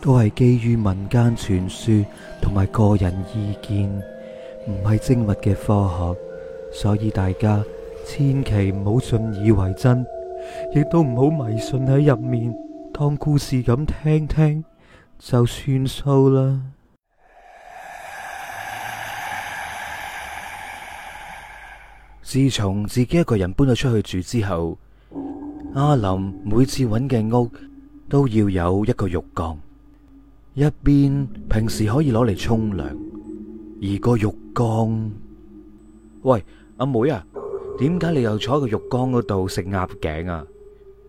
都係基於民間傳說同埋個人意見，唔係精密嘅科學，所以大家千祈唔好信以為真，亦都唔好迷信，喺入面當故事咁聽聽，就算數啦。自從自己一個人搬咗出去住之後，阿林每次揾嘅屋都要有一個浴缸。一邊平時可以攞嚟沖涼，而個浴缸。喂阿妹啊，點解你又坐喺個浴缸嗰度食鴨頸啊？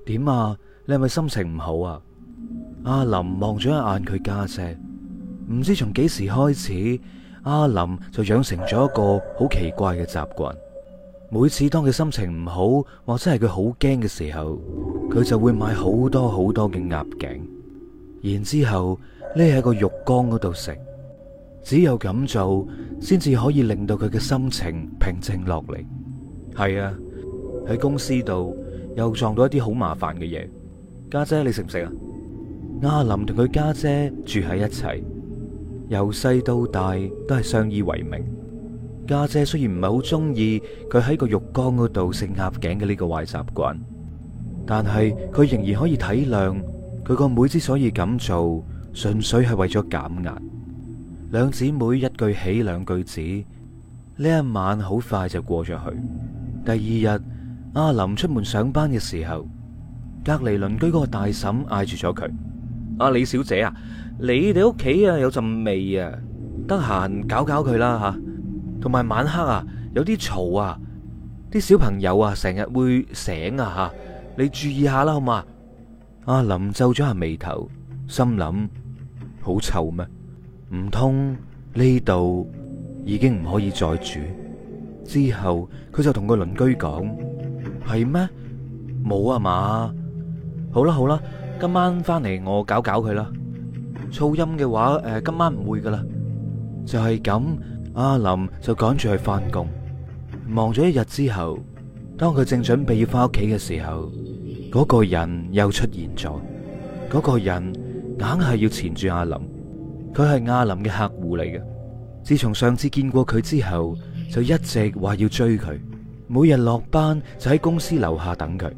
點啊？你係咪心情唔好啊？阿林望咗一眼佢家姐，唔知從幾時開始，阿林就養成咗一個好奇怪嘅習慣，每次當佢心情唔好或者係佢好驚嘅時候，佢就會買好多好多嘅鴨頸，然之後。匿喺個浴缸嗰度食，只有咁做先至可以令到佢嘅心情平靜落嚟。係啊，喺公司度又撞到一啲好麻煩嘅嘢。家姐，你食唔食啊？阿林同佢家姐住喺一齊，由細到大都係相依為命。家姐雖然唔係好中意佢喺個浴缸嗰度食鴨頸嘅呢個壞習慣，但係佢仍然可以體諒佢個妹之所以咁做。純粹係為咗減壓，兩姊妹一句起兩句止，呢一晚好快就過咗去。第二日阿林出門上班嘅時候，隔籬鄰居嗰個大嬸嗌住咗佢：阿、啊、李小姐啊，姐你哋屋企啊有陣味啊，得閒搞搞佢啦吓。同埋晚黑啊有啲嘈啊，啲小朋友啊成日會醒啊吓、啊，你注意下啦好嘛？阿林皺咗下眉頭，心諗。好臭咩？唔通呢度已經唔可以再住？之後佢就同個鄰居講，係咩？冇啊嘛？好啦好啦，今晚翻嚟我搞搞佢啦。噪音嘅話，誒，今晚唔會噶啦。就係咁，阿林就趕住去翻工。忙咗一日之後，當佢正準備要翻屋企嘅時候，嗰個人又出現咗。嗰個人，硬係要纏住阿林，佢係阿林嘅客戶嚟嘅。自從上次見過佢之後，就一直話要追佢，每日落班就喺公司樓下等佢，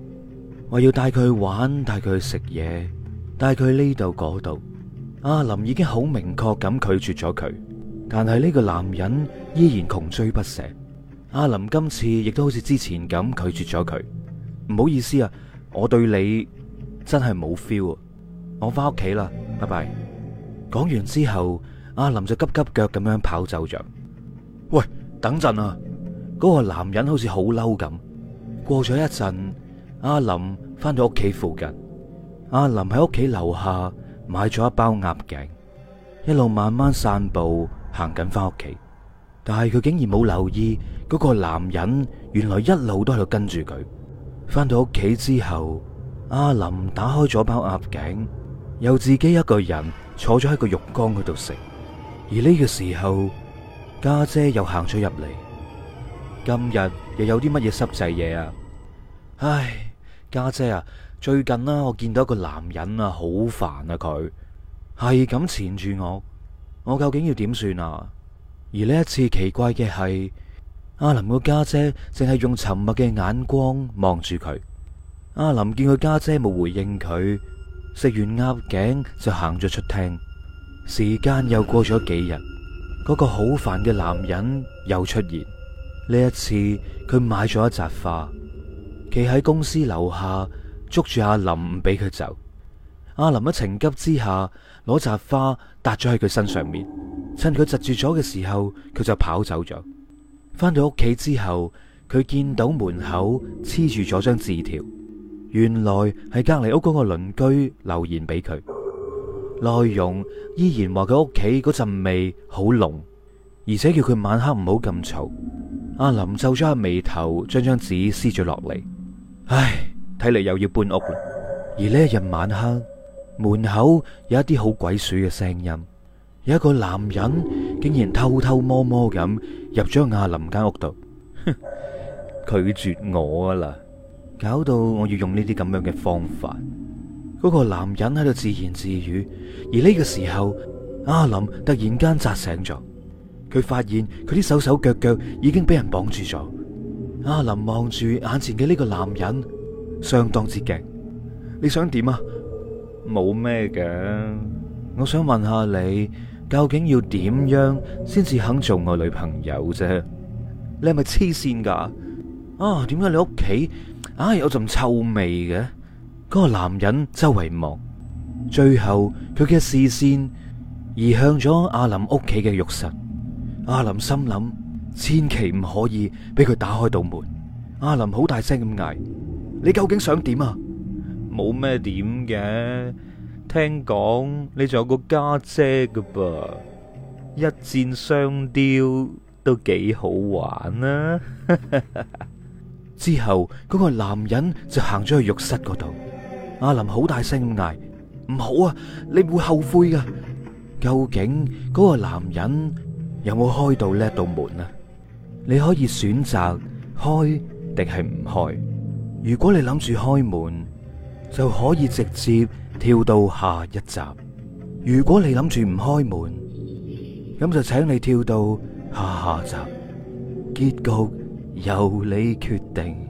話要帶佢去玩，帶佢去食嘢，帶佢呢度嗰度。阿林已經好明確咁拒絕咗佢，但係呢個男人依然窮追不捨。阿林今次亦都好似之前咁拒絕咗佢。唔好意思啊，我對你真係冇 feel 啊。我翻屋企啦，拜拜。講完之後，阿林就急急腳咁樣跑走着。喂，等陣啊！嗰個男人好似好嬲咁。過咗一陣，阿林翻到屋企附近。阿林喺屋企樓下買咗一包鴨頸，一路慢慢散步行緊翻屋企。但係佢竟然冇留意嗰個男人，原來一路都喺度跟住佢。翻到屋企之後，阿林打開咗包鴨頸。又自己一個人坐咗喺個浴缸嗰度食，而呢個時候，家姐又行咗入嚟。今日又有啲乜嘢濕滯嘢啊？唉，家姐啊，最近啊，我見到一個男人啊，好煩啊，佢係咁纏住我，我究竟要點算啊？而呢一次奇怪嘅係，阿林個家姐淨係用沉默嘅眼光望住佢。阿林見佢家姐冇回應佢。食完鴨頸，就行咗出廳。時間又過咗幾日，嗰個好煩嘅男人又出現。呢一次，佢買咗一扎花，企喺公司樓下捉住阿林，唔俾佢走。阿林一情急之下攞紮花搭咗喺佢身上面，趁佢窒住咗嘅時候，佢就跑走咗。翻到屋企之後，佢見到門口黐住咗張字條。原來係隔籬屋嗰個鄰居留言俾佢，內容依然話佢屋企嗰陣味好濃，而且叫佢晚黑唔好咁嘈。阿林皺咗下眉頭，將張紙撕咗落嚟。唉，睇嚟又要搬屋啦。而呢一日晚黑，門口有一啲好鬼祟嘅聲音，有一個男人竟然偷偷摸摸咁入咗阿林間屋度。哼，拒絕我啦！搞到我要用呢啲咁樣嘅方法。嗰個男人喺度自言自語，而呢個時候，阿林突然間扎醒咗。佢發現佢啲手手腳腳已經俾人綁住咗。阿林望住眼前嘅呢個男人，相當之驚。你想點啊？冇咩嘅。我想問下你，究竟要點樣先至肯做我女朋友啫？你係咪黐線噶？啊，點解你屋企？啊，有陣臭味嘅，嗰個男人周圍望，最後佢嘅視線移向咗阿林屋企嘅浴室。阿林心諗，千祈唔可以俾佢打開道門。阿林好大聲咁嗌：你究竟想點啊？冇咩點嘅，聽講你仲有個家姐噶噃，一箭雙雕都幾好玩啊！ 之後，嗰個男人就行咗去浴室嗰度。阿林好大聲咁嗌：唔好啊，你會後悔噶！究竟嗰個男人有冇開到呢道門啊？你可以選擇開定係唔開。如果你諗住開門，就可以直接跳到下一集；如果你諗住唔開門，咁就請你跳到下下集結局。由你決定。